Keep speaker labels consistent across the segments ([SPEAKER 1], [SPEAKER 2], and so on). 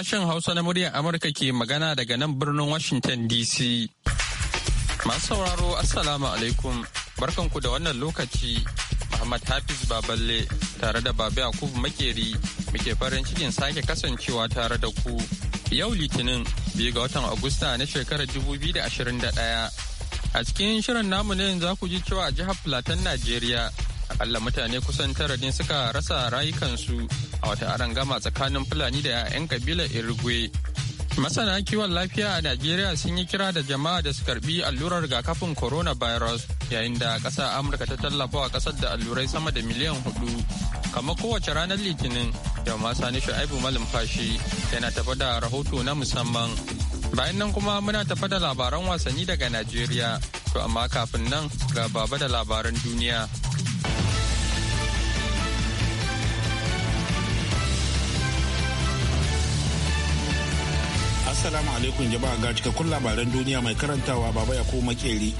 [SPEAKER 1] Sashen Hausa na muryar Amurka ke magana daga nan birnin Washington DC. Masu sauraro Assalamu alaikum barkanku da wannan lokaci Muhammad Hafiz Baballe tare da Babi Yakubu Makeri muke farin cikin sake kasancewa tare da ku. Yau Litinin biyu ga watan Agusta na shekarar 2021. A cikin shirin namu ne za ku ji cewa a jihar Plateau Najeriya akalla mutane kusan tara ne suka rasa rayukansu a wata arangama tsakanin fulani da yayan kabilar irigwe masana kiwon lafiya a najeriya sun yi kira da jama'a da su karbi allurar rigakafin coronavirus yayin da ƙasa amurka ta tallafa wa ƙasar da allurai sama da miliyan hudu kamar kowace ranar litinin da sani shu'aibu fashi yana tafa da rahoto na musamman bayan nan kuma muna tafa da labaran wasanni daga najeriya to amma kafin nan ga baba da labaran duniya
[SPEAKER 2] Assalamu alaikum jama'a ga cikakkun labaran duniya mai karantawa baba ya ko makeri.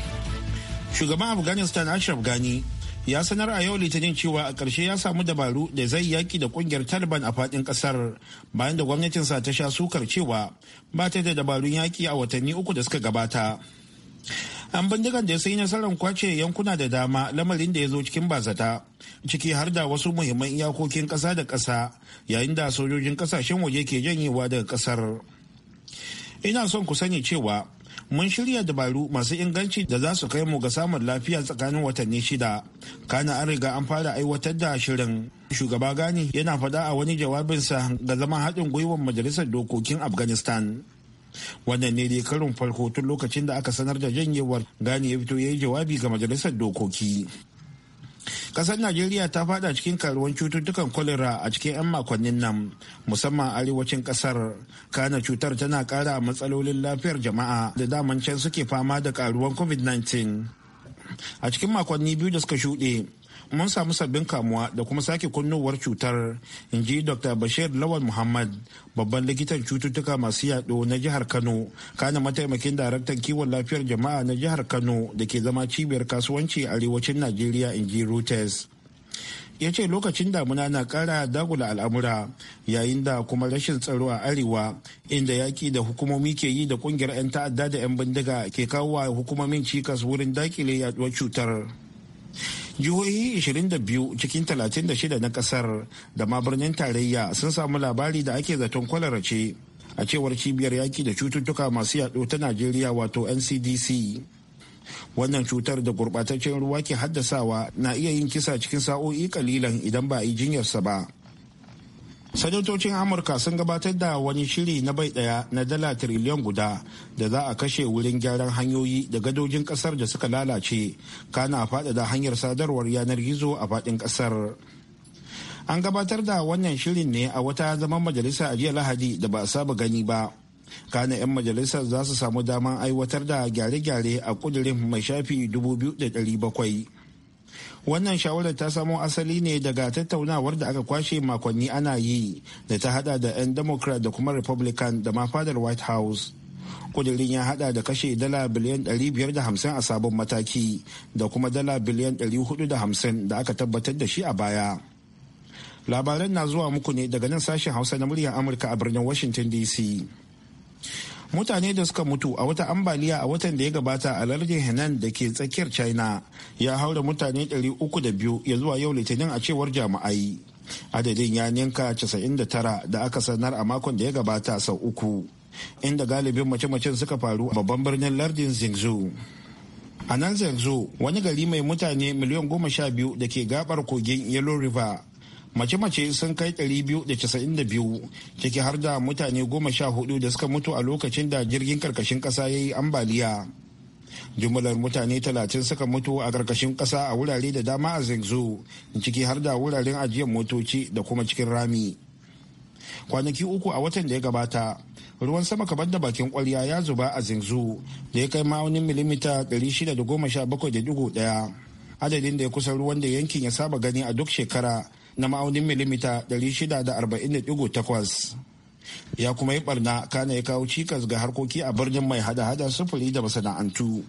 [SPEAKER 2] Shugaban Afghanistan Ashraf Ghani ya sanar a yau litinin cewa a ƙarshe ya samu dabaru da zai yaki da kungiyar taliban a faɗin ƙasar bayan da gwamnatinsa ta sha sukar cewa ba ta da dabarun yaki a watanni uku da suka gabata an bindigan da ya sai nasarar kwace yankuna da dama lamarin da ya zo cikin bazata ciki har da wasu muhimman iyakokin ƙasa da ƙasa yayin da sojojin ƙasashen waje ke janyewa daga ƙasar ina son ku sani cewa mun shirya dabaru masu inganci da za su kai mu ga samun lafiya tsakanin watanni shida kana an riga an fara aiwatar da shirin shugaba gani yana faɗa a wani jawabinsa ga zama haɗin gwiwar majalisar dokokin afghanistan wannan ne dai karin farko tun lokacin da aka sanar da janyewar gani ya fito ya yi jawabi ga majalisar dokoki Ƙasar najeriya ta fada cikin karuwan cututtukan kwalera a cikin 'yan makonnin nan musamman arewacin ƙasar kana cutar tana kara matsalolin lafiyar jama'a da daman can suke fama da karuwan covid-19 a cikin makonni biyu da suka shuɗe mun samu sabbin kamuwa da kuma sake kunnowar cutar in ji dr bashir lawal muhammad babban likitan cututtuka masu yaɗo na jihar kano kana mataimakin daraktan kiwon lafiyar jama'a na jihar kano da ke zama cibiyar kasuwanci a arewacin najeriya in ji reuters ya ce lokacin damuna na kara dagula al'amura yayin da kuma rashin tsaro a arewa inda yaƙi da hukumomi ke yi da kungiyar 'yan ta'adda da 'yan bindiga ke kawo wa hukumomin cikas wurin dakile yaduwar cutar jihohi 22 cikin 36 na kasar da ma birnin tarayya sun samu labari da ake zaton kwalara ce a cewar cibiyar yaki da cututtuka masu yaɗo ta najeriya wato ncdc wannan cutar da gurɓataccen ruwa ke haddasawa na iya yin kisa cikin sa'o'i kalilan idan ba a yi jinyarsa ba sanatocin amurka sun gabatar da wani shiri na bai daya na dala tiriliyan guda da za a kashe wurin gyaran hanyoyi da gadojin kasar da suka lalace kana faɗaɗa hanyar sadarwar yanar gizo a faɗin kasar an gabatar da wannan shirin ne a wata zaman majalisa a jiya lahadi da ba a saba gani ba kana 'yan majalisar za su samu damar aiwatar da gyare-gyare a kudirin mai shafi 2,700 wannan shawarar ta samo asali ne daga tattaunawar da aka kwashe makonni ana yi da ta hada da 'yan democrat da kuma republican da ma fadar white house kudirin ya hada da kashe dala biliyan 550 a sabon mataki da kuma dala biliyan 450 da aka tabbatar da shi a baya labaran na zuwa muku ne daga nan sashen hausa na muryar amurka a birnin washington dc mutane da suka mutu a wata ambaliya a watan da ya gabata a lardin henan da ke tsakiyar china ya haura mutane 302 ya zuwa yau litinin a cewar jami'ai adadin ya ninka 99 da aka sanar a makon da ya gabata sau uku inda galibin mace-macen suka faru a babban birnin lardin zingzu a nan zangzo wani gari mai mutane miliyan goma sha biyu da ke gabar kogin yellow river mace-mace sun kai 292 ciki har da mutane goma sha hudu da suka mutu a lokacin da jirgin karkashin kasa ya yi ambaliya jumlar mutane 30 suka mutu a karkashin kasa a wurare da dama a zengzu ciki har da wuraren ajiyar motoci da kuma cikin rami kwanaki uku a watan da ya gabata ruwan sama kamar da bakin kwarya ya zuba a zinzu da ya kai ma'aunin milimita 617.1 adadin da ya kusa ruwan da yankin ya saba gani a duk shekara na ma'aunin milimita 640.8 ya kuma yi barna kana ya kawo cikas ga harkoki a birnin mai hada-hada sufuri da masana'antu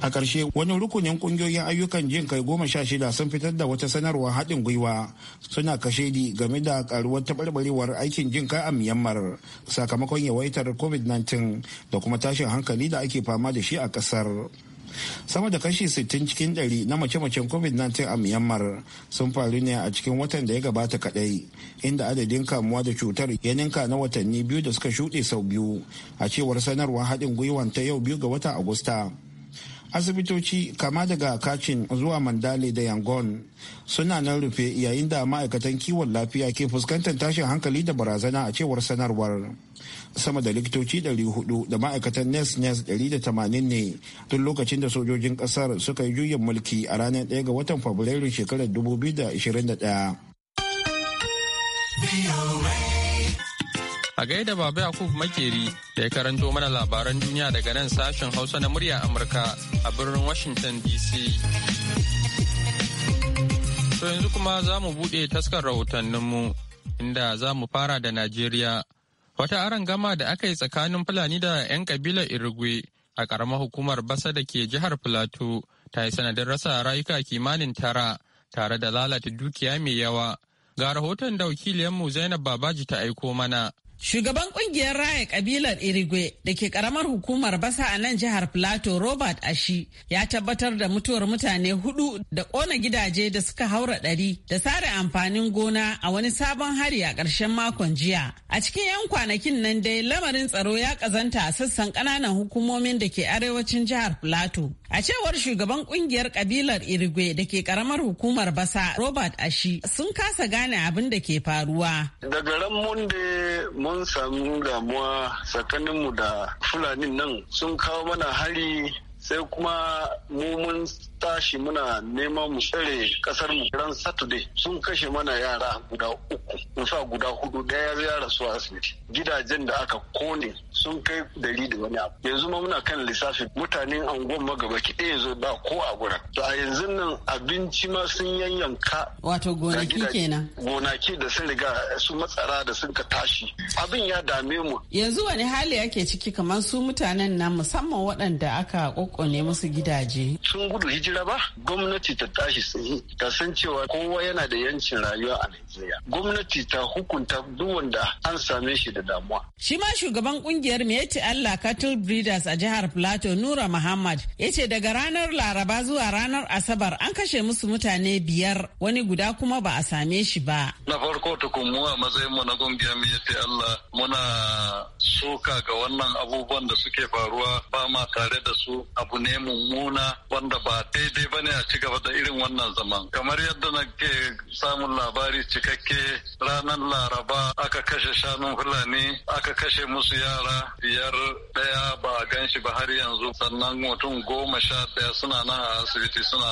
[SPEAKER 2] a ƙarshe wani rukunin ƙungiyoyin ayyukan jin kai goma sha shida sun fitar da wata sanarwar haɗin gwiwa suna kashedi game da ƙaruwar taɓarɓarewar aikin jin kai a myanmar sakamakon yawaitar covid-19 da kuma tashin hankali da ake fama da shi a ƙasar sama da kashi 60 cikin 100 na mace-macen covid-19 a myanmar sun faru ne a cikin watan da ya gabata kadai inda adadin kamuwa da cutar ya ninka na watanni biyu da suka shuɗe sau biyu a cewar sanarwar haɗin gwiwan ta yau biyu ga watan agusta asibitoci kama daga kacin zuwa mandale da yangon suna nan rufe yayin da ma'aikatan kiwon lafiya ke fuskantar tashin hankali da barazana a cewar sanarwar sama da likitoci 400 da ma'aikatan nes nes 180 ne tun lokacin da sojojin kasar suka yi juyin mulki a ranar 1 ga watan Fabrairu shekarar 2021
[SPEAKER 1] A gaida Baba Yakub Makeri da ya karanto mana labaran duniya daga nan sashen Hausa na murya Amurka a birnin Washington DC. To yanzu kuma za mu buɗe taskar rahotanninmu inda za mu fara da Najeriya. Wata aron gama da aka yi tsakanin Fulani da 'yan kabilar Irigwe a ƙaramar hukumar Basa da ke jihar Filato ta yi sanadin rasa rayuka kimanin tara tare da lalata dukiya mai yawa. Ga rahoton da wakiliyanmu Zainab Babaji ta aiko mana.
[SPEAKER 3] Shugaban kungiyar raya kabilar Irigwe da ke karamar hukumar basa a nan jihar Plateau Robert Ashi ya tabbatar da mutuwar mutane hudu da kona gidaje da suka haura ɗari da sare amfanin gona a wani sabon hari a ƙarshen makon jiya. A cikin 'yan kwanakin nan dai lamarin tsaro ya kazanta a sassan ƙananan hukumomin da ke arewacin jihar Plateau. A cewar shugaban kungiyar kabilar Irigwe da ke karamar hukumar basa Robert Ashi sun kasa gane abin da ke faruwa.
[SPEAKER 4] Daga ran mun an samu damuwa tsakaninmu da fulanin nan sun kawo mana hari sai kuma mu mun tashi muna neman mu tsare kasar mu ran saturday sun kashe mana yara guda uku nufa guda hudu daya ya rasu a asibiti gidajen da aka kone sun kai dari da wani abu yanzu ma muna kan lissafi mutanen anguwan magabaki ɗaya yanzu ba ko a gura to a yanzu nan abinci ma sun yanyanka wato gonaki kenan gonaki da sun riga su matsara da sun ka tashi abin ya dame mu
[SPEAKER 3] yanzu wani hali ake ciki kamar su mutanen nan musamman waɗanda aka kokkone musu gidaje
[SPEAKER 4] sun gudu hijira ba gwamnati ta tashi tsaye ta san cewa kowa yana da yancin rayuwa a Najeriya. Gwamnati ta hukunta duk wanda an same shi da damuwa.
[SPEAKER 3] Shi ma shugaban kungiyar Meti Allah Cattle Breeders a jihar Plateau Nura Muhammad ya ce daga ranar Laraba zuwa ranar Asabar an kashe musu mutane biyar wani guda kuma ba a same shi ba.
[SPEAKER 5] Na farko tukunmu a matsayin mu na kungiyar Meti Allah muna soka ga wannan abubuwan da suke faruwa ba ma tare da su abu ne mummuna wanda ba daidai bane a ci gaba da irin wannan zaman kamar yadda na ke samun labari cikakke ranar laraba aka kashe shanun fulani aka kashe musu yara biyar daya ba a gan shi ba har yanzu sannan mutum goma sha daya suna nan a asibiti suna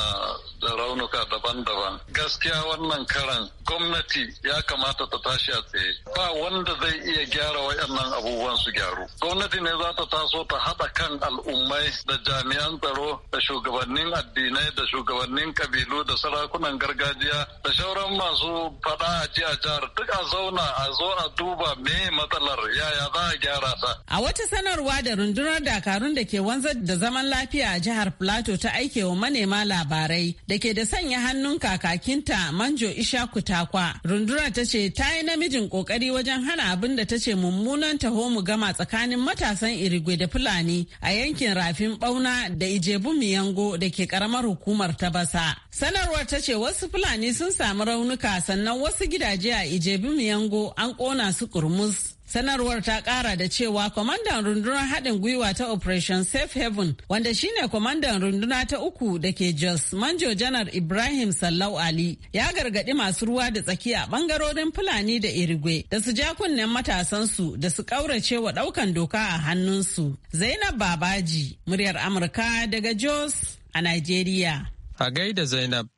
[SPEAKER 5] da raunuka daban-daban gaskiya wannan karan gwamnati ya kamata ta tashi a tsaye ba wanda zai iya gyara wayannan abubuwan su gyaru gwamnati ne za ta taso ta haɗa kan al'ummai da jami'an tsaro da shugabannin addini addinai da shugabannin kabilu da sarakunan gargajiya da sauran masu fada a jiya jihar duk a zauna a zo a duba me matsalar yaya za a gyara ta.
[SPEAKER 3] A wata sanarwa da rundunar dakarun da ke wanzar da zaman lafiya a jihar Plateau ta aike wa manema labarai da ke da sanya hannun kakakinta Manjo Ishaku Takwa. Rundunar ta ce ta yi namijin kokari wajen hana abin da ta ce mummunan taho mu gama tsakanin matasan Irigwe da Fulani a yankin rafin Bauna da Ijebu Miyango da ke kara karamar hukumar ta basa. Sanarwar ta ce wasu Fulani sun samu raunuka sannan wasu gidaje a Ijebi Miyango an ƙona su kurmus. Sanarwar ta kara da cewa kwamandan rundunar haɗin gwiwa ta Operation Safe Haven wanda shine kwamandan runduna ta uku da ke Jos Manjo Janar Ibrahim Sallau Ali ya gargaɗi masu ruwa da tsaki a ɓangarorin Fulani da Irigwe da su ja kunnen matasansu da su ƙaurace wa ɗaukan doka a hannunsu. Zainab Babaji, muryar Amurka daga Jos a Najeriya.
[SPEAKER 1] A gaida Zainab,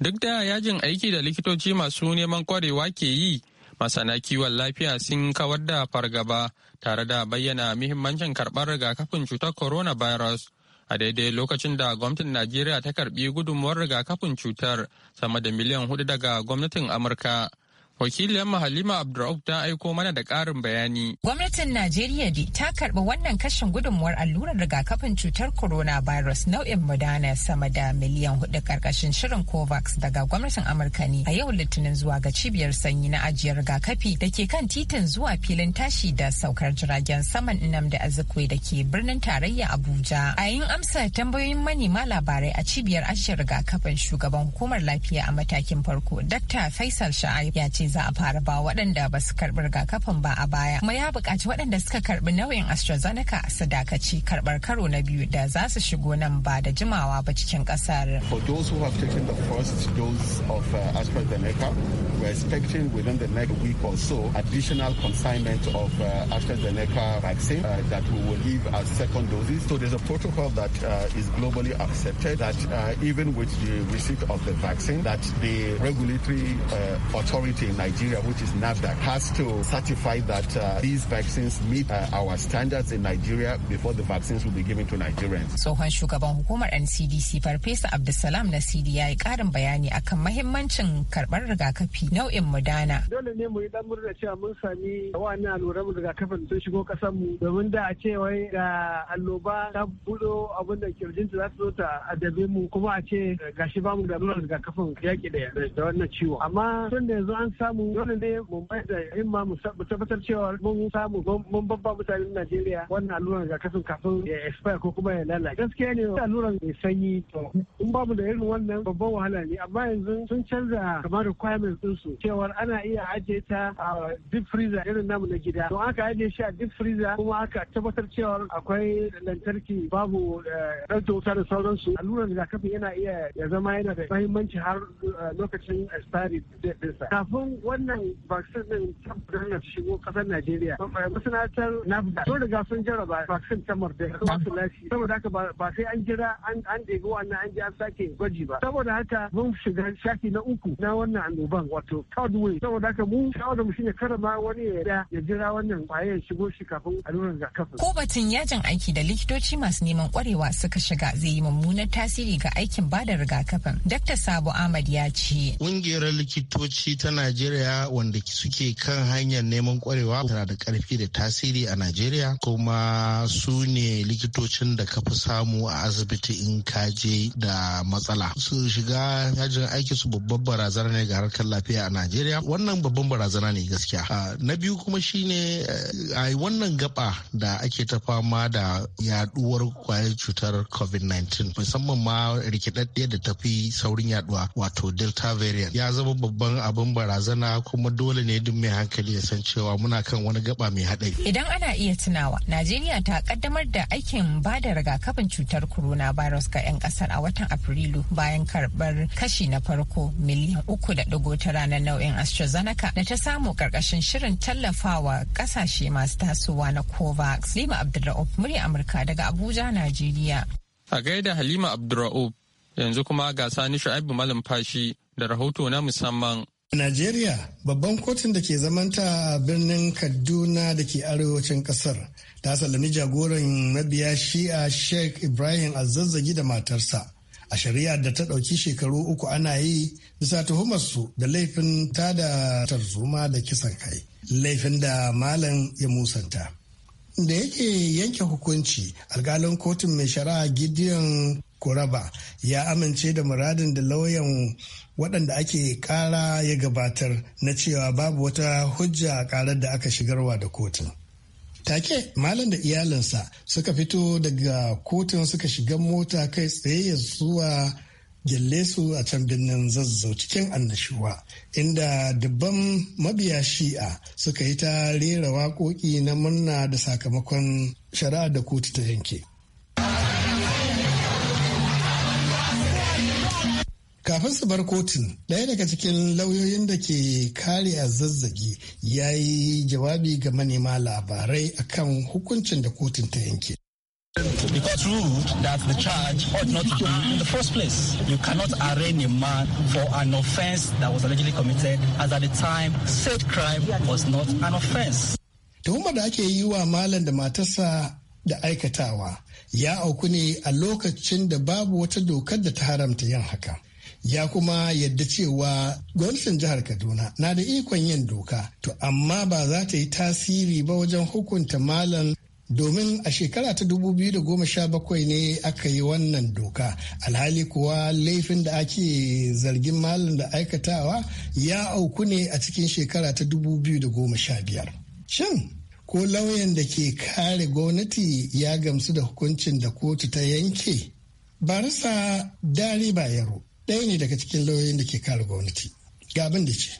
[SPEAKER 1] duk da yajin aiki da likitoci masu neman kwarewa ke yi, masana kiwon lafiya sun kawar da fargaba tare da bayyana muhimmancin karɓar rigakafin cutar coronavirus. A daidai lokacin da gwamnatin Najeriya ta karɓi gudunmuwar rigakafin cutar sama da miliyan hudu daga gwamnatin Amurka. Wakiliyar Halima Abdurrauf ta aiko mana da ƙarin bayani.
[SPEAKER 5] Gwamnatin Najeriya di ta karɓi wannan kashin gudunmuwar allurar rigakafin cutar corona virus, nau'in mudana sama da miliyan hudu ƙarƙashin shirin COVAX daga gwamnatin Amurka ne a yau Litinin zuwa ga cibiyar sanyi na ajiyar rigakafi da ke kan titin zuwa filin tashi da saukar jiragen saman da Azikwe da ke birnin tarayya Abuja. A yin amsa tambayoyin manema labarai a cibiyar ajiyar rigakafin shugaban hukumar lafiya a matakin farko Dr. Faisal Sha'ib ya ce ce za a fara ba waɗanda ba su karɓi rigakafin ba a baya. Kuma ya buƙaci waɗanda suka karɓi nauyin AstraZeneca su dakaci karɓar karo na biyu da za su shigo nan ba da jimawa ba cikin ƙasar.
[SPEAKER 6] For those who have taken
[SPEAKER 5] the
[SPEAKER 2] first dose of uh, AstraZeneca, are expecting within the next week or so additional consignment of uh, AstraZeneca vaccine uh, that we will give as second doses. So there's a protocol that uh, is globally accepted that uh, even with the receipt of the vaccine that the regulatory uh, authority in Nigeria, which is NAFDAC, has to certify that uh, these vaccines meet uh, our standards in Nigeria before the vaccines will be given to Nigerians.
[SPEAKER 5] Tsohon shugaban hukumar NCDC Farfesa Abdulsalam na cdi ya yi karin bayani akan mahimmancin karɓar rigakafi nau'in Moderna. Dole
[SPEAKER 4] ne mu yi dan murna cewa mun sami wani alluran rigakafin sun shigo kasar mu domin da a ce wai ga alloba ta budo abin da kirjinta za su zo ta adabe mu kuma a ce gashi ba mu da alluran rigakafin yaki da wannan ciwo. Amma tun da yanzu an samu dole ne mu mai da himma mu tabbatar cewa mun samu mun babba mutanen Najeriya wannan alluran rigakafin kafin ya expire ko kuma ya lalace. Gaskiya ne alluran mai sanyi to in babu da irin wannan babban wahala ne amma yanzu sun canza kamar requirements din su cewa ana iya ajiye ta a deep freezer irin namu na gida. Don aka ajiye shi a deep freezer kuma aka tabbatar cewa akwai lantarki babu eh, ɗauke wuta da sauransu. Alluran rigakafin yana iya ya zama yana da mahimmanci har eh, lokacin expire sa Kafin wannan vaccine din tabbatar na shigo kasar Najeriya masanatar NAFDA sun riga sun jarraba vaccine ta Moderna kuma su lafi. saboda haka ba sai an jira an ɗebi wannan an je an sake gwaji ba saboda haka mun shiga shaki na uku na wannan annoban wato third wave saboda haka mu shawarar mu shine kada ma wani ya ya jira wannan kwaye shigo shi kafin allurar rigakafin
[SPEAKER 5] ko batun yajin aiki da likitoci masu neman kwarewa suka shiga zai yi mummunar tasiri ga aikin bada rigakafin Dr. Sabo Ahmad ya ce
[SPEAKER 6] kungiyar likitoci ta Najeriya Najeriya wanda suke kan hanyar neman kwarewa tana da karfi da tasiri a Najeriya kuma su ne likitocin da ka fi samu a asibiti in ka je da matsala. Su shiga yajin aiki su babban barazana ne ga harkar lafiya a Najeriya. Wannan babban barazana ne gaskiya. Na biyu kuma shine eh, a wannan gaba da ake ta fama da yaduwar kwayar cutar COVID-19 musamman ma rikidaddiyar da tafi saurin yaduwa wato Delta variant ya zama babban abin barazana barazana kuma dole ne duk mai hankali ya san cewa muna kan wani gaba mai haɗari.
[SPEAKER 5] Idan ana iya tunawa, Najeriya ta kaddamar da aikin ba da rigakafin cutar corona virus ga 'yan ƙasar a watan Afrilu bayan karɓar kashi na farko miliyan uku da ɗigo tara na nau'in AstraZeneca da ta samu ƙarƙashin shirin tallafawa ƙasashe masu tasowa na COVAX. Lima Abdulra'uf, murya Amurka daga Abuja, Najeriya.
[SPEAKER 1] A gaida Halima Abdulra'uf, yanzu kuma ga Sani Shu'aibu Malam Fashi da rahoto na musamman.
[SPEAKER 6] A Najeriya, babban kotun da ke zamanta birnin Kaduna da ke arewacin kasar ta sallami jagoran mabiya shi'a Sheikh Ibrahim Azazzagi da matarsa. A shari'ar da ta ɗauki shekaru uku ana yi bisa tuhumarsu da laifin tada tarzoma da kisan kai, laifin da malam ya musanta. Da yake yanke hukunci, alkalin kotun mai shari'a Gideon Kuraba ya amince da muradin da lauyan waɗanda ake ƙara ya gabatar na cewa babu wata hujja a ƙarar da aka shigarwa da kotun. Take malam da iyalinsa suka fito daga kotun suka shiga mota kai tsaye zuwa gyalle su a can birnin zazzau cikin annashuwa inda dubban mabiya shi'a suka yi ta rera waƙoƙi na murna da sakamakon shari'a da kotu ta yanke. Kafin su bar kotun, ɗaya daga cikin lauyoyin da ke kare a zazzagi ya yi jawabi ga manema labarai akan hukuncin da kotun ta yanke.
[SPEAKER 7] The court ruled that the charge ought not to be in the first place. You cannot arraign a man for an offense that was allegedly committed as at the time said crime was not an offense.
[SPEAKER 6] Tuhumar da ake yi wa malam da matarsa da aikatawa ya auku ne a lokacin da babu wata dokar da ta haramta yin haka. ya kuma yadda cewa gwamnatin jihar kaduna na da ikon yin doka to amma ba za ta yi tasiri ba wajen hukunta malam domin a shekara ta 2017 ne aka yi wannan doka alhali kuwa laifin da ake zargin malam da aikatawa ya auku ne a cikin shekara ta 2015 shin ko lauyan da ke kare gwamnati ya gamsu da hukuncin da kotu ta yanke barisa dari bayero ɗaya ne daga cikin
[SPEAKER 4] lauyoyin da ke kare gwamnati ga abin da ce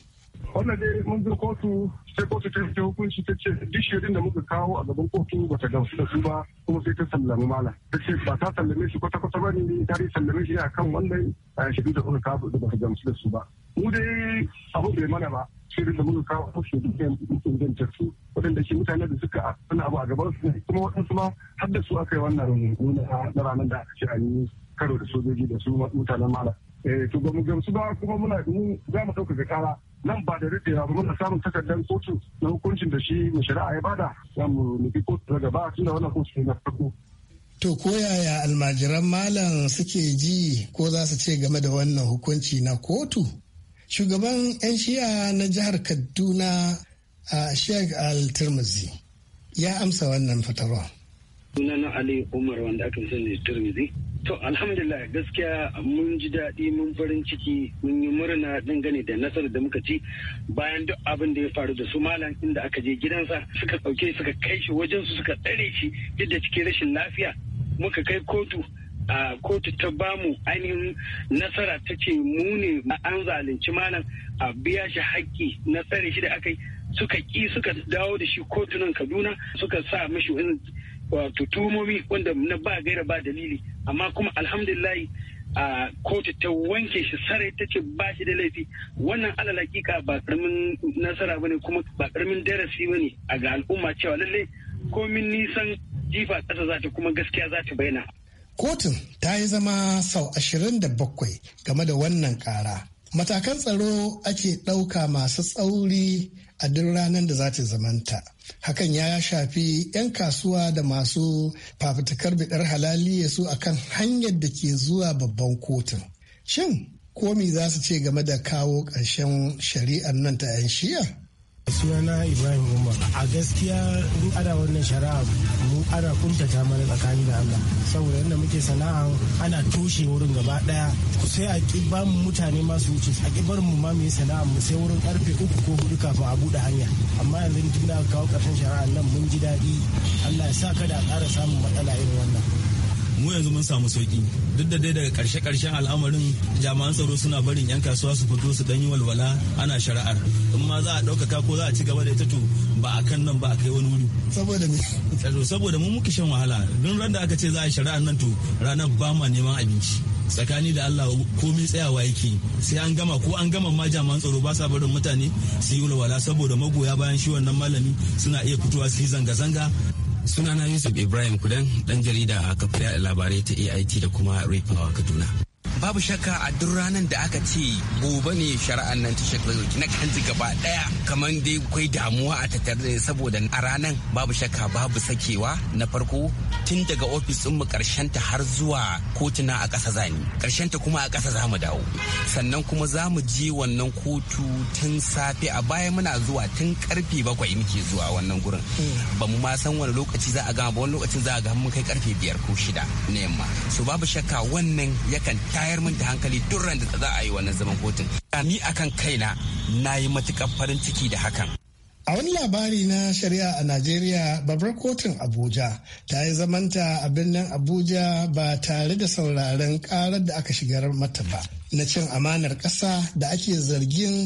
[SPEAKER 4] wannan dai mun bi kotu sai kotu ta fita hukunci ta ce duk shirin da muka kawo a gaban kotu ba ta gamsu da su ba kuma sai ta sallami mala ta ce ba ta sallame shi kwata kwata ba ne ta sallame shi a kan wannan shirin da muka kawo da ba ta gamsu da su ba mu dai abu bai mana ba shirin da muka kawo a shirin da inganta su waɗanda shi mutane da suka suna abu a gaban su kuma waɗansu ma har da su aka yi wannan nuna na ranar da aka ce a yi karo da sojoji da su mutanen mala eh, to ba mu gamsu ba kuma muna mu za mu ɗaukaka kara nan ba da rufe ba muna samun takardar kotu na hukuncin da shi mai shari'a ya bada za mu nufi kotu daga ba tunda wannan kotu ne na farko.
[SPEAKER 6] To ko yaya almajiran malam suke ji ko za su ce game da wannan hukunci na kotu? Shugaban 'yan shiya na jihar Kaduna a Sheikh Al-Tirmizi ya amsa wannan fatarwa.
[SPEAKER 4] Sunana Ali Umar wanda aka sani Tirmizi. To alhamdulillah gaskiya mun ji daɗi mun farin ciki mun yi murna dangane da nasarar da muka ci bayan duk abin da ya faru da su malam inda aka je gidansa suka ɗauke suka kai shi wajen su suka tsare shi duk da cikin rashin lafiya muka kai kotu a kotu ta bamu ainihin nasara ta ce mu ne an zalunci malam a biya shi haƙƙi na tsare shi da aka yi suka ƙi suka dawo da shi kotunan kaduna suka sa mashi wato tumomi wanda na ba gaira ba dalili amma kuma alhamdulillah a kotu ta wanke shi sarai ta ce ba shi da laifi wannan alalaki ka ba karamin nasara bane kuma ba karamin darasi bane a ga al'umma cewa lalle komin nisan jifa ƙasa za ta kuma gaskiya za ta bayyana
[SPEAKER 6] kotun ta yi zama sau ashirin da bakwai game da wannan kara matakan tsaro ake ɗauka masu tsauri a duk ranar da za ta zamanta hakan ya shafi 'yan kasuwa da masu fafutukar bidar ya su kan hanyar da ke zuwa babban kotun shin komi za su ce game da kawo ƙarshen shari'ar nan ta 'yan shiya sunana ibrahim
[SPEAKER 4] umar a gaskiya in ada wannan shari'a mu ana kuntata mana tsakani da allah saboda inda muke sana'a ana toshe wurin gaba daya sai a ki ba mu mutane masu wuce a ki bar mu ma mu sana'a mu sai wurin karfe uku ko hudu kafin a bude hanya amma yanzu tun da kawo karshen shari'a nan mun ji daɗi allah ya sa kada a ƙara samun matsala irin wannan
[SPEAKER 7] mu yanzu mun samu sauki duk da dai daga karshe karshen al'amarin jami'an tsaro suna
[SPEAKER 4] barin yan kasuwa su fito su danyi yi walwala ana shari'ar in ma za a ɗaukaka ko za a ci gaba da ita to ba a kan nan ba a kai wani wuri saboda me saboda mu muke shan wahala duk ran da aka ce za
[SPEAKER 7] a shari'ar nan to ranar ba ma neman abinci tsakani da Allah komai tsayawa yake sai an gama ko an gama ma jama'an tsaro ba sa barin mutane su yi walwala saboda magoya bayan shi wannan malami suna iya fitowa su yi zanga-zanga sunana yusuf ibrahim kudan dan jarida a yaɗa labarai ta ait da kuma repawa kaduna babu shakka a duk ranar da aka ce gobe ne shari'an nan ta shekaru na kanji gaba daya kamar dai damuwa a tattare saboda a ranar babu shakka babu sakewa na farko tun daga ofis mu karshen ta har zuwa kotuna a ƙasa zani karshen ta kuma a ƙasa za mu dawo sannan kuma za mu je wannan kotu tun safe a baya muna zuwa tun karfe bakwai muke zuwa wannan gurin hmm. ba mu ma san wani lokaci za a gama ba wani lokacin za a gama mun kai karfe biyar ko shida na yamma so babu shakka wannan yakan ta tayar min da hankali duk ran da za a yi wannan zaman kotun ni kan kaina na yi matukar farin ciki da hakan
[SPEAKER 4] A wani
[SPEAKER 6] labari na shari'a a Najeriya, babbar kotun Abuja ta yi zamanta a birnin Abuja ba tare da sauraren karar da aka shigar mata ba na cin amanar ƙasa da ake zargin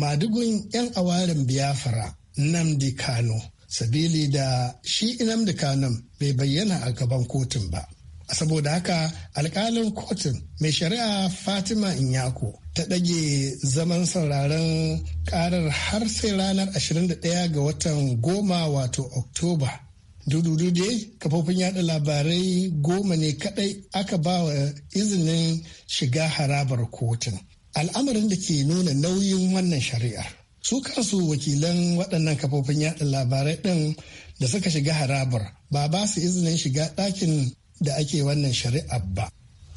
[SPEAKER 6] madugun 'yan awarin Biafra Namdi Kano, sabili da shi Namdi Kano bai bayyana a gaban kotun ba. saboda haka alkalin kotun mai shari'a fatima inyako ta ɗage zaman sauraron karar har sai ranar 21 ga watan goma wato oktoba dududu dai kafofin yada labarai goma ne kadai aka ba wa izinin shiga harabar kotun al'amarin da ke nuna nauyin wannan shari'ar su kansu wakilan waɗannan kafofin yada labarai ɗin da suka shiga harabar ba ba su izinin shiga ɗakin da ake wannan shari'a ba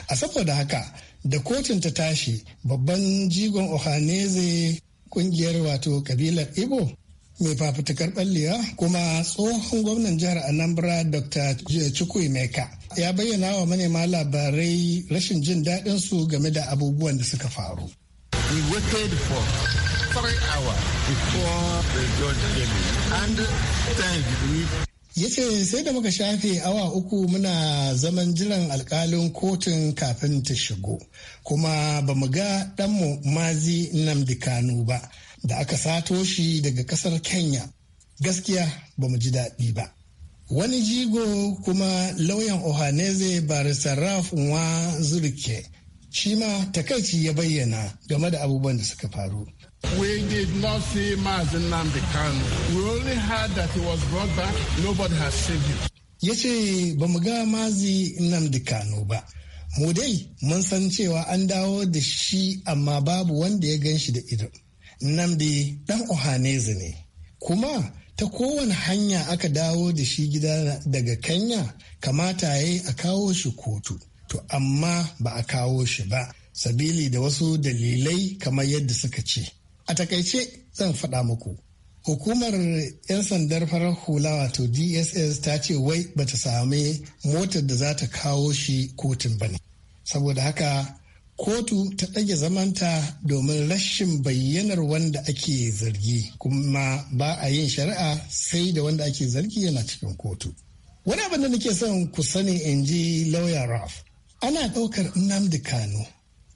[SPEAKER 6] a saboda haka da kotun ta tashi babban jigon ohaneze kungiyar wato kabilar ibo mai fafutukar balliya kuma tsohon gwamnan jihar anambra dr Meka ya bayyana wa manema labarai rashin jin daɗin su game da abubuwan da suka faru
[SPEAKER 4] We waited for three hours before the judge came And thank you.
[SPEAKER 6] ya ce sai da muka shafe awa uku muna zaman jiran alkalin kotun kafin ta shigo kuma ba mu ga ɗanmu mazi nam kanu ba da aka sato shi daga ƙasar kenya gaskiya ba mu ji daɗi ba wani jigo kuma lauyan ohaneze barista raf nwa zurike shi ma takaici ya bayyana game da abubuwan da suka faru We did not see Mazin Nnamdi Kanu. We only heard that he was brought back. Nobody has seen him. Ya ce ba mu ga Mazi Nnamdi Kanu ba. Mu dai mun san cewa an dawo da shi amma babu wanda ya gan shi da ido. Nnamdi dan Ohaneze ne. Kuma ta kowane hanya aka dawo da shi gida daga kanya kamata ya yi a kawo shi kotu. To amma ba a kawo shi ba. Sabili da wasu dalilai kamar yadda suka ce. A takaice zan faɗa muku. Hukumar 'yan sandar farar hula wato DSS ta ce wai bata sami motar da za ta kawo shi kotun ba ne. Saboda haka kotu ta ɗage zamanta domin rashin bayyanar wanda ake zargi kuma ba a yin shari'a sai da wanda ake zargi yana cikin kotu. Wani abin da nake son ku sani in ji lauya Raf. Ana ɗaukar Nnamdi Kano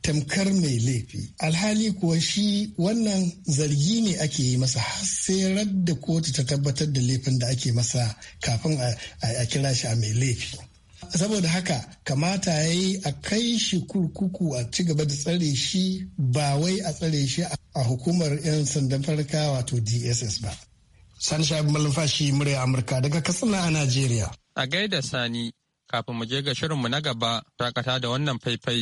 [SPEAKER 6] tamkar mai laifi alhali kuwa shi wannan zargi ne ake yi masa sai radda kotu ta tabbatar da laifin da ake masa kafin a kira shi a mai laifi saboda haka kamata ya yi a kai shi kurkuku a ci gaba da tsare shi ba wai a tsare shi a hukumar 'yan sandan farka wato dss ba sani shabi malumfashi murya amurka daga katsina a najeriya
[SPEAKER 1] a gaida sani kafin mu je ga shirinmu na gaba takata da wannan faifai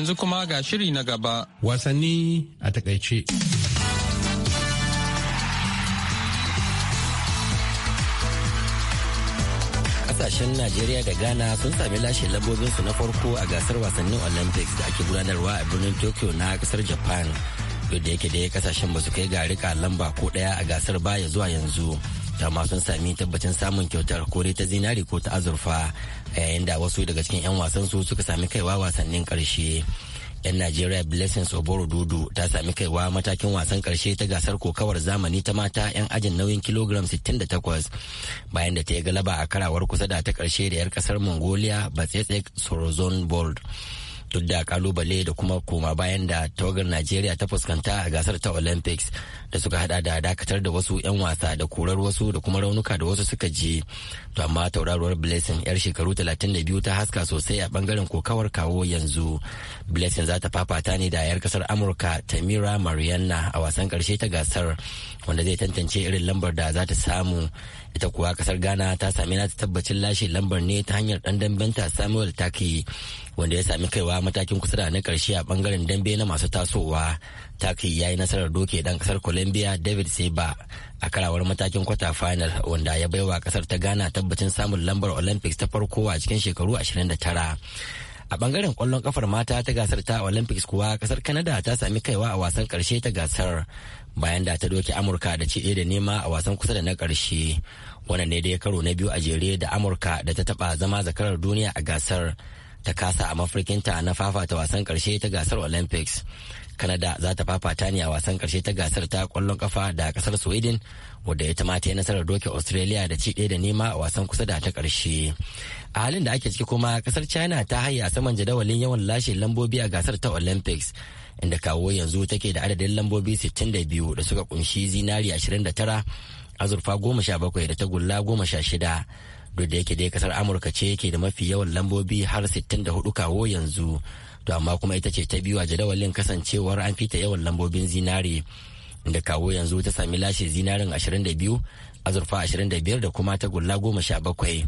[SPEAKER 1] yanzu kuma ga shiri na gaba. Wasanni a takaice.
[SPEAKER 7] Kasashen Najeriya da Ghana sun sami lashe lambobinsu na farko a gasar wasannin Olympics da ake gudanarwa a birnin Tokyo na kasar Japan. Duk da yake dai kasashen ba su kai ga rika lamba ko ɗaya a gasar baya zuwa yanzu. ma sun sami tabbacin samun kyautar kore ta zinari ko ta azurfa a yayin da wasu daga cikin 'yan wasan su suka sami kaiwa wasannin karshe yan najeriya blessings oboro dudu ta sami kaiwa matakin wasan karshe ta gasar kokawar zamani ta mata 'yan ajin nauyin kilogram 68 bayan da ta yi galaba a karawar kusa da ta karshe da 'yar kasar mongolia batsetse sorozon bold duk da kalubale da kuma koma bayan da tawagar najeriya ta fuskanta a gasar ta olympics da suka hada da dakatar da wasu 'yan wasa da korar wasu da kuma raunuka da wasu suka je to amma tauraruwar blessing yar shekaru 32 ta haska sosai a bangaren kokawar kawo yanzu blessing za ta fafata ne da yar kasar amurka tamira mariana a wasan karshe ta gasar wanda zai tantance irin lambar da za ta samu ita kuwa kasar ghana ta sami nata tabbacin lashe lambar ne ta hanyar dan dambenta samuel taki wanda ya sami kaiwa matakin kusa da na karshe a bangaren dambe na masu tasowa taki ya yi nasarar doke dan kasar colombia david seba a karawar matakin kwata final wanda ya baiwa kasar ta ghana tabbacin samun lambar olympics ta farko a cikin shekaru 29 a bangaren kwallon kafar mata ta gasar ta olympics kuwa kasar Kanada ta sami kaiwa a wasan karshe ta gasar bayan da ta doke amurka da ci da nema a wasan kusa da na karshe wannan ne dai karo na biyu a jere da amurka da ta taba zama zakarar duniya a gasar ta kasa a mafarkinta na fafata wasan karshe ta gasar olympics kanada za ta fafata ne a wasan karshe ta gasar ta kwallon kafa da kasar Sweden wadda ya ma ta nasarar doke Australia da ci daya da nema a wasan kusa da ta karshe. A halin da ake ciki kuma kasar China ta haya saman jadawalin yawan lashe lambobi a gasar ta Olympics inda kawo yanzu take da adadin lambobi 62 da suka kunshi zinari 29 azurfa 17 da tagulla 16 duk da yake dai kasar amurka ce yake da mafi yawan lambobi har 64 kawo yanzu to amma kuma ita ce ta biyu a jadawalin kasancewar an fita yawan lambobin zinare da kawo yanzu ta sami lashe zinarin 22 azurfa 25 da kuma tagulla 17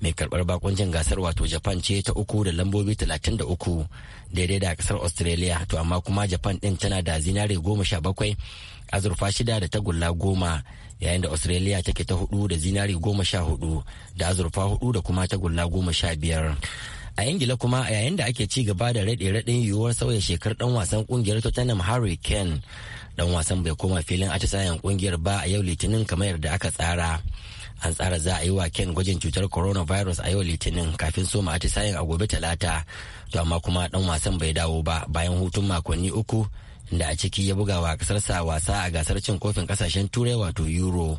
[SPEAKER 7] mai karbar bakuncin gasar wato japan ce ta uku da lambobi 33 daidai da kasar australia to amma kuma japan din tana da zinare 17 azurfa 6 da tagulla 10 yayin da australia take ta hudu da zinare 14 da azurfa 4 da kuma tagulla 15 a ingila kuma a yayin da ake ci gaba da raɗe raɗen yiwuwar sauya shekar dan wasan kungiyar tottenham harry kane dan wasan bai koma filin atisayen kungiyar ba a yau litinin kamar yadda aka tsara an tsara za a yi wa ken gwajin cutar coronavirus a yau litinin kafin soma atisayen a gobe talata to amma kuma dan wasan bai dawo ba bayan hutun makonni uku da a ciki ya buga wa kasarsa wasa a gasar cin kofin kasashen turai wato euro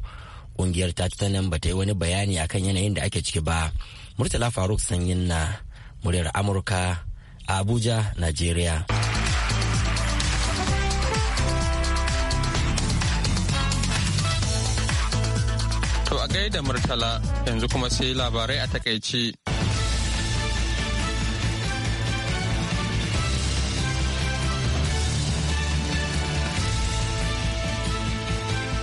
[SPEAKER 7] kungiyar ta tottenham ba ta yi wani bayani akan yanayin da ake ciki ba murtala faruk sanyin na muryar amurka abuja
[SPEAKER 1] najeriya to a gaida murtala yanzu kuma sai labarai a takaice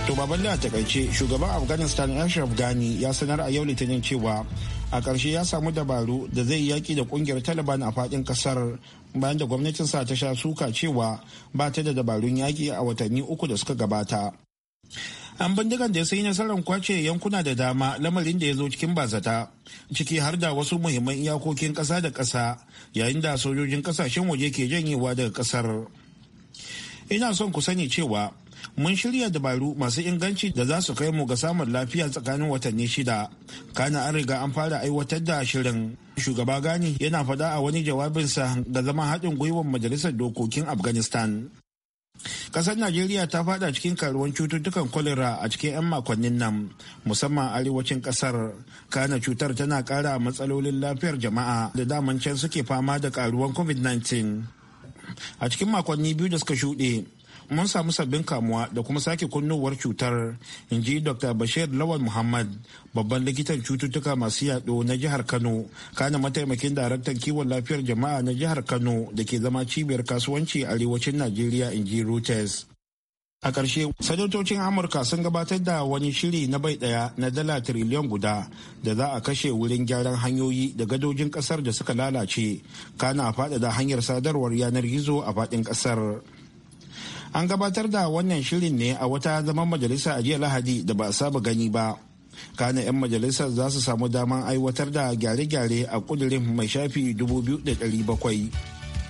[SPEAKER 2] to baban da a takaice shugaban afghanistan ashraf ghani ya sanar a yau litinin cewa a ƙarshe ya samu dabaru da zai yaki da ƙungiyar taliban a faɗin ƙasar bayan da gwamnatin sa ta sha suka cewa ba ta da dabarun yaki a watanni uku da suka gabata an bindigan da ya sai nasarar kwace yankuna da dama lamarin da ya zo cikin bazata ciki har da wasu muhimman iyakokin ƙasa da ƙasa yayin da sojojin ƙasashen waje ke janyewa daga ƙasar ina son ku sani cewa mun shirya dabaru masu inganci da za su kai mu ga samun lafiya tsakanin watanni shida kana an riga an fara aiwatar da shirin shugaba gani yana fada a wani jawabinsa ga zama haɗin gwiwar majalisar dokokin afghanistan Ƙasar Najeriya ta fada cikin karuwan cututtukan kwalera a cikin 'yan makonnin nan musamman arewacin ƙasar kana cutar tana kara matsalolin lafiyar jama'a da daman can suke fama da karuwan covid-19 a cikin makonni biyu da suka shuɗe mun samu sabbin kamuwa da kuma sake kunnuwar cutar in ji dr bashir lawal muhammad babban likitan cututtuka masu yaɗo na jihar kano kana mataimakin daraktan kiwon lafiyar jama'a na jihar kano da ke zama cibiyar kasuwanci arewacin najeriya in ji reuters a ƙarshe sadautocin amurka sun gabatar da wani shiri na bai ɗaya na dala tiriliyan guda da za a kashe wurin gyaran hanyoyi da gadojin ƙasar da suka lalace kana faɗaɗa hanyar sadarwar yanar gizo a faɗin ƙasar an gabatar da wannan shirin ne a wata zaman majalisa a jiya lahadi da ba a saba gani ba kana 'yan majalisa za su samu daman aiwatar da gyare-gyare a kudurin mai shafi 2,700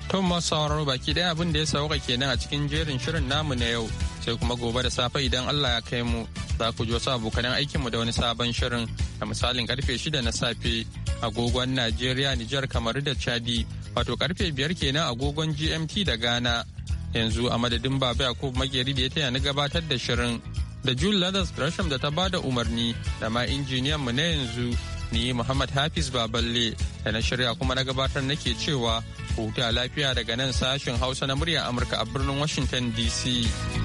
[SPEAKER 1] tun masu sauraro baki ɗaya abin da ya sauka kenan a cikin jerin shirin namu na yau sai kuma gobe da safe idan allah ya kai mu za ku ji wasu abokanan aikinmu da wani sabon shirin da misalin karfe 6 na safe agogon najeriya nijar kamar da chadi wato karfe 5 kenan agogon gmt da ghana yanzu a madadin baba yakub makeri da ya taya ni gabatar da shirin da jule lathers gresham da ta bada umarni da ma injiniyan mu na yanzu ni muhammad hafiz baballe da na shirya kuma na gabatar nake cewa huta lafiya daga nan sashen hausa na murya amurka a birnin washington dc